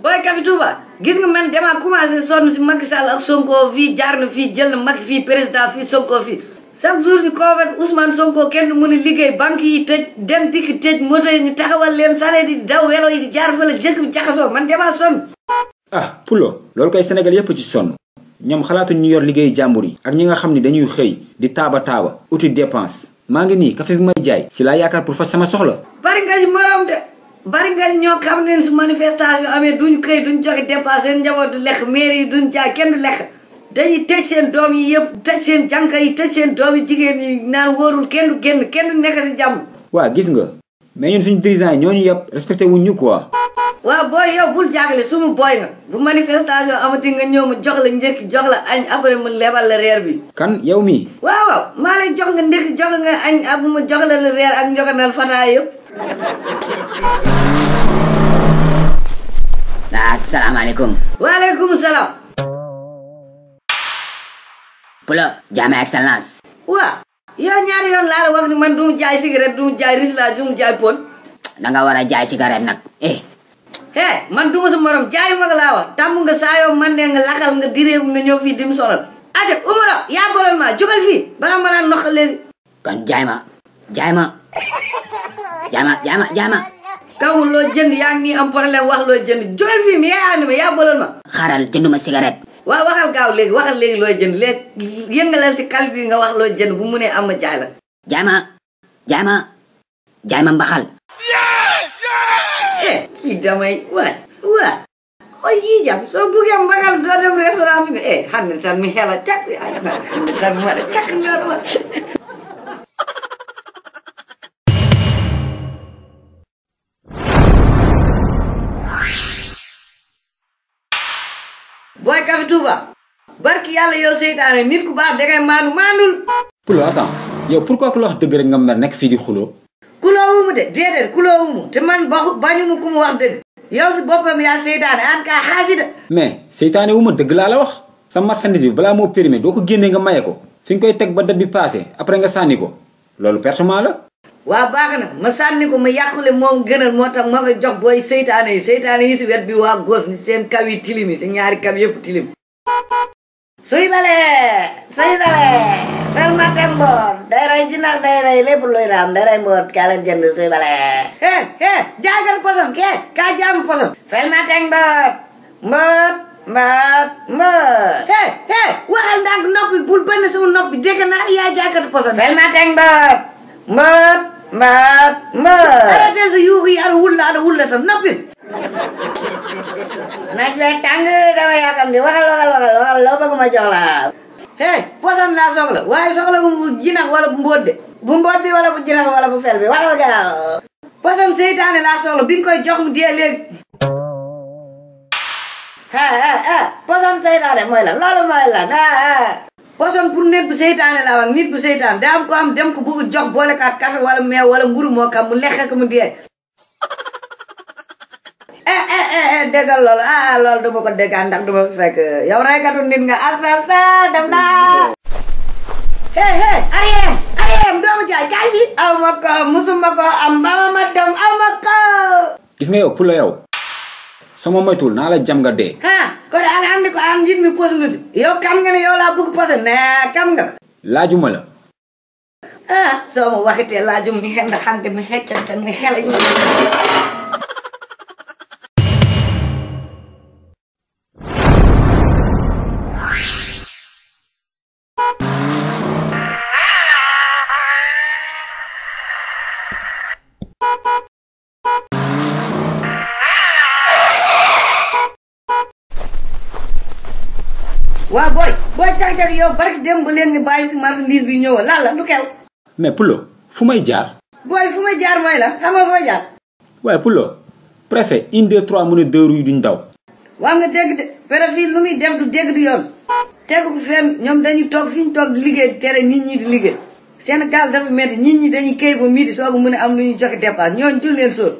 booy Café Touba gis nga man damaa commencé sonn si Macky Sall ak Sonko fii jaar na fii jël na Macky fii président fii Sonko fii. chaque jour ñu convoqué Ousmane Sonko kenn mënu liggéey banque yi tëj dem dikk tëj moto yi ñu taxawal leen sareet yi daw welo yi di jaar fële jëkk bi jaxasoo man damaa sonn. ah Pulo loolu koy Sénégal yépp ci sonn ñoom xalaatu ñu yor liggéey jàmbur yi ak ñi nga xam ne dañuy xëy di taaba taaba uti dépense maa ngi nii café bi may si laa yaakaar pour faj sama soxla. bari nga si bari nga ñoo xam ne su manifestation amee duñ këy duñ joxe dépense seen njaboot du lekk mairie yi duñ jaay kenn du lekk dañuy tëj seen doom yi yëpp tëj seen jànka yi tëj seen doom yi jigéen yi naan wóorul kenn du génn kenn du nekk si jàmm. waa gis nga mais ñun suñu dirigeant yi ñu yëpp respecté wu ñu ko waaw booy yow bul jaaxle su mu booy nga bu manifestation amati nga ñëw ma jox la njëkk jox la añ après mu lebal la reer bi. kan yow mii. waaw waaw maa lay jox nga ndékki jox nga añ ab mu jox la la reer ak njoganal fanaa yëpp. Nah, assalamualaikum. Waalaikumsalam. Pulau Jama Excellence. Wah, ya nyari yoon laa la wax ni man du jaay cigarette du jaay ris laa du jaay pon. Da nga war a jaay Eh. Hey, man du ma sa morom jaay ma laa wax tàmm nga saayoo man de nga lakal nga direeku nga ñëw dim sonal. Aja umaro ya bolal ma jugal fii balaa ma laa noq Kan Kon jaay ma jaay ma jaama jaama jaama. kaw loo jënd yaa ngi nii am problème wax loo jënd jël fi mi yaa ni ma yaa bolol ma. xaaral jënduma cigarette. waaw waxal gaaw léegi waxal léegi loo jënd léegi yëngalal ci kal bi nga wax loo jënd bu mu nee am ma jaay la. jaama jaama jaama mbaxal. eh kii damay waay waay. mbaxal doo dem restaurant bi eh xam tan mi xela cak xam tan mi wara cak booy café Touba barki yàlla yow seytaane nit ku baax dangay maanu maanul. Poulo attends pour pourquoi ku la wax dëgg rek nga mer nekk fii di xulo kuloowu mu de déedéet kuloowu mu te man baxu bañu mu ku mu wax dëgg. yow si boppam yaa seytaane an kaa xaasida. mais seytaane wu ma dëgg laa la wax. sa marchandise bi balaa moo périmé doo ko génnee nga maye ko fi nga koy teg ba date bi après nga sànni ko loolu pertement la. waa baax na ma sànni ko ma yàqule moom gënal moo tax ma koy jox booy seytaane yi yi si wet bi waa gos ni seen kaw yi tilim yi seen ñaari kaw yëpp tilim suy bale suy bale fer mate mboor day rey jinax day rey raam day rey mboor kaa suy bale he he jaagal poson ke kaa jaamu poson fer mate mboor mboor mboor mboor he he waxal ndànk noppi bul bënn sama noppi dégg naa yaa jaagal poson fer mate mboor mboor Ma, ma. arrêtez sa yuuxu yi ana la wul la tam noppi. naaj bi tàng dama yaakaar ne waxal waxal waxal waxal loo bëgg ma jox laa soxla waaye soxla bu jinax wala bu mbóot de. bu mbóot bi wala bu jinax wala bu fel bi waxal gaaw. posan seytaane laa soxla bi koy jox mu dee léegi. ah ah ah posan seytaane mooy loolu mooy la ah poison pour nit bu seytaane laa wax nit bu seytaan daa ko am dem ko bëgg jox boole kaat café wala meew wala mburu moo kam mu lekk ko mu dee eh, eh eh eh déggal loolu ah, ah loolu duma ko déggaan ndax duma fekk yow reykatu nit nga asasa dem naa hey hey Ariem doomu jaay kaay bi ma ko musuma ko am ba ma dem aw ma ko gis nga yow pour la yow sama moytuwul naa la jam nga dee kon alhamdi ko am njiit mi pos nudi yow kam nga ne yow laa bëgg posé ne kam nga laajuma la ah soo ma waxitee laajum mi xenda xande mi xeccante mi xelañ waaw booy booy cag-cag yow barki dem ba leen ni bàyyi si marchandise bi ñëwal lan la lu xew mais poulo fu may jaar booy fu may jaar mooy la xam nga foo jaar waaye Pulo préfet une deux mu ne deux roues yi duñ nga dégg de préfet bi lu muy dem du dégg du yoon tegu ko fenn ñoom dañuy toog fi ñu toog di liggéey tere nit ñi di liggéey Sénégal dafa métti nit ñi dañu kay ba midi soo ko mën a am lu ñu joxe dépense ñoo dul leen sóor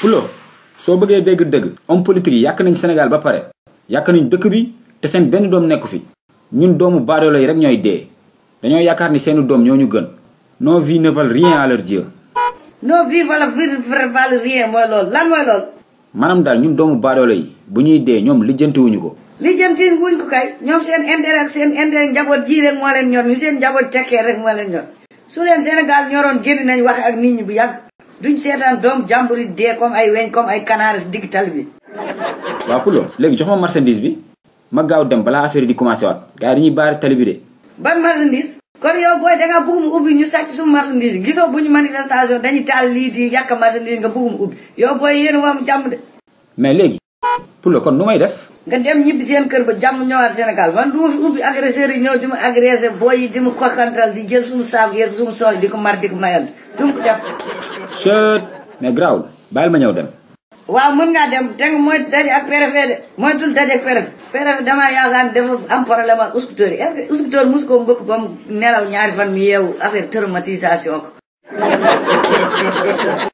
Pulo soo bëggee dégg dëgg om politique yi yàq nañ Sénégal ba pare yàq nañ dëkk bi te seen benn doom nekku fi ñun doomu baadoolo yi rek ñooy dee dañoo yaakaar ni seeni doom ñoo ñu gën nos vies ne valent rien à leurs yeux. nos vies valent rien mooy loolu lan mooy loolu. maanaam daal ñun doomu baadoolo yi bu ñuy dee ñoom lijjantiwuñu ko. lijjanti wuñ ko kay ñoom seen intérêt ak seen intérêt njaboot jii leen moo leen ñor ñu seen njaboot tekkee rek moo leen ñor su leen Sénégal ñoroon génn nañ wax ak nit ñi bu yàgg duñ seetaan doom jàmbur yi dee comme ay weñ comme ay canards bi. waaw léegi jox ma marchandise bi. ma gaaw dem balaa affaire di commencé waat gars yi dañuy baari tali bi de. ban marchandise. kon yow booy da nga bëgg mu ubbi ñu sàcc suñu marchandise yi gisoo bu ñu manifestation dañuy taal lii di yàq marchandise nga bëgg mu ubbi yow booy yéen waam jàmm de. mais léegi. pour le kon nu may def. nga dem ñibbi seen kër ba jàmm ñëwaat Sénégal man du fi ubbi agresseur yi ñëw di ma agressé booy yi di ma kokkantal di jël suñu saako yël suñu soos di ko mar di ko mayal du ma ko ma ñëw dem. waaw mën ngaa dem dégg mooy daje ak préfet de mooy tul daje ak préfet préfet damaa yaakaar dafa am problème ak uskuteur yi est-ce que uskuteur mosu ko mbëkk ba mu nelaw ñaari fan mu yeewu affaire traumatisation ko